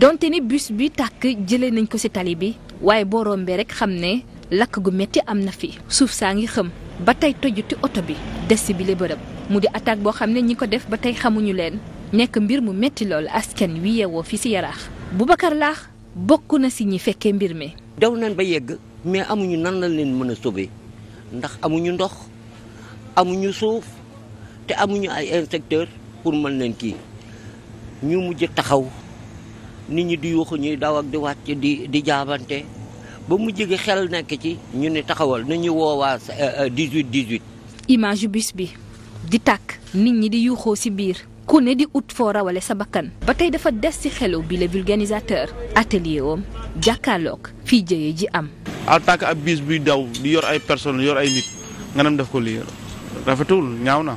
donte ni bus bi tàkk jëlee nañ ko ci tali bi waaye boo rombee rek xam ne lakk gu metti am na fi suuf saa ngi xëm ba tey toj tojuti oto bi des ci bile bërëb mu di attaque boo xam ne ñi ko def ba tey xamuñu leen nekk mbir mu metti lool askan wi yeewoo fi ci yaraax Boubacar Laax bokk na ci ñi fekkee mbir mi. daw nañ ba yegg mais amuñu nan la leen mën a sauver ndax amuñu ndox amuñu suuf te amuñu ay inspecteur pour mën leen kii ñu mujj taxaw. nit ñi di yuuxu ñuy daw ak di wàcc di di jaabante ba mu jege xel nekk ci ñu ne taxawal nañu woowaa 18 18. Euh, euh, image bis bi di tàkk nit ñi di yuuxoo ci biir ku ne di ut foo rawale sa bakkan ba tey dafa des ci xelu bi le vulganisateur atelier wam jàkkaarloog fii jëye ji am. al tàkk ab bis buy daw di yor ay personnes yor ay nit nga dem def ko lii rafetul ñaaw na.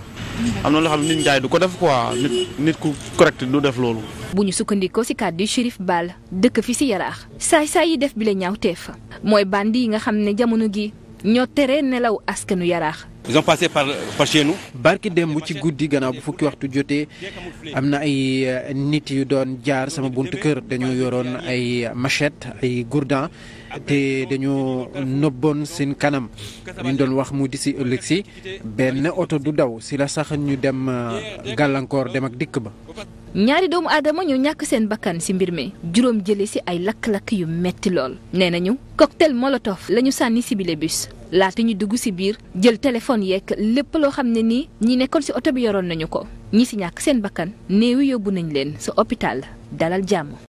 am na loo xam nit njaay du ko def quoi nit nit ku correct du def loolu. bu ñu sukkandikoo ci di Chérif Ball dëkk fi ci yaraax. saay-saay yi def bi la ñaaw teef mooy bandi yi nga xam ne jamono gi ñoo tere nelaw askanu yaraax. ils ont passé par par chez nous. barki démb ci guddi gannaaw bu fukki waxtu jotee am na ay eh, nit yu doon jaar sama buntu kër dañoo yoroon ay machette ay gourdan te dañoo nëbboon seen kanam ñu doon wax mu di si ëllëg si benn oto du daw si la sax ñu dem eh, gàllankoor dem ak dikk ba. ñaari doomu aadama ñu ñàkk seen bakkan ci mbir mi juróom jële ci ay lakk-lakk yu metti lool nee nañu cocktail molotov la ñu sànni ci bile bus laata ñu dugg ci biir jël téléphone yeeg lépp loo xam ne nii ñi nekkoon ci oto bi yoroon nañu ko ñi ci ñàkk seen bakkan néewi yóbbu nañ leen sa la dalal jàmm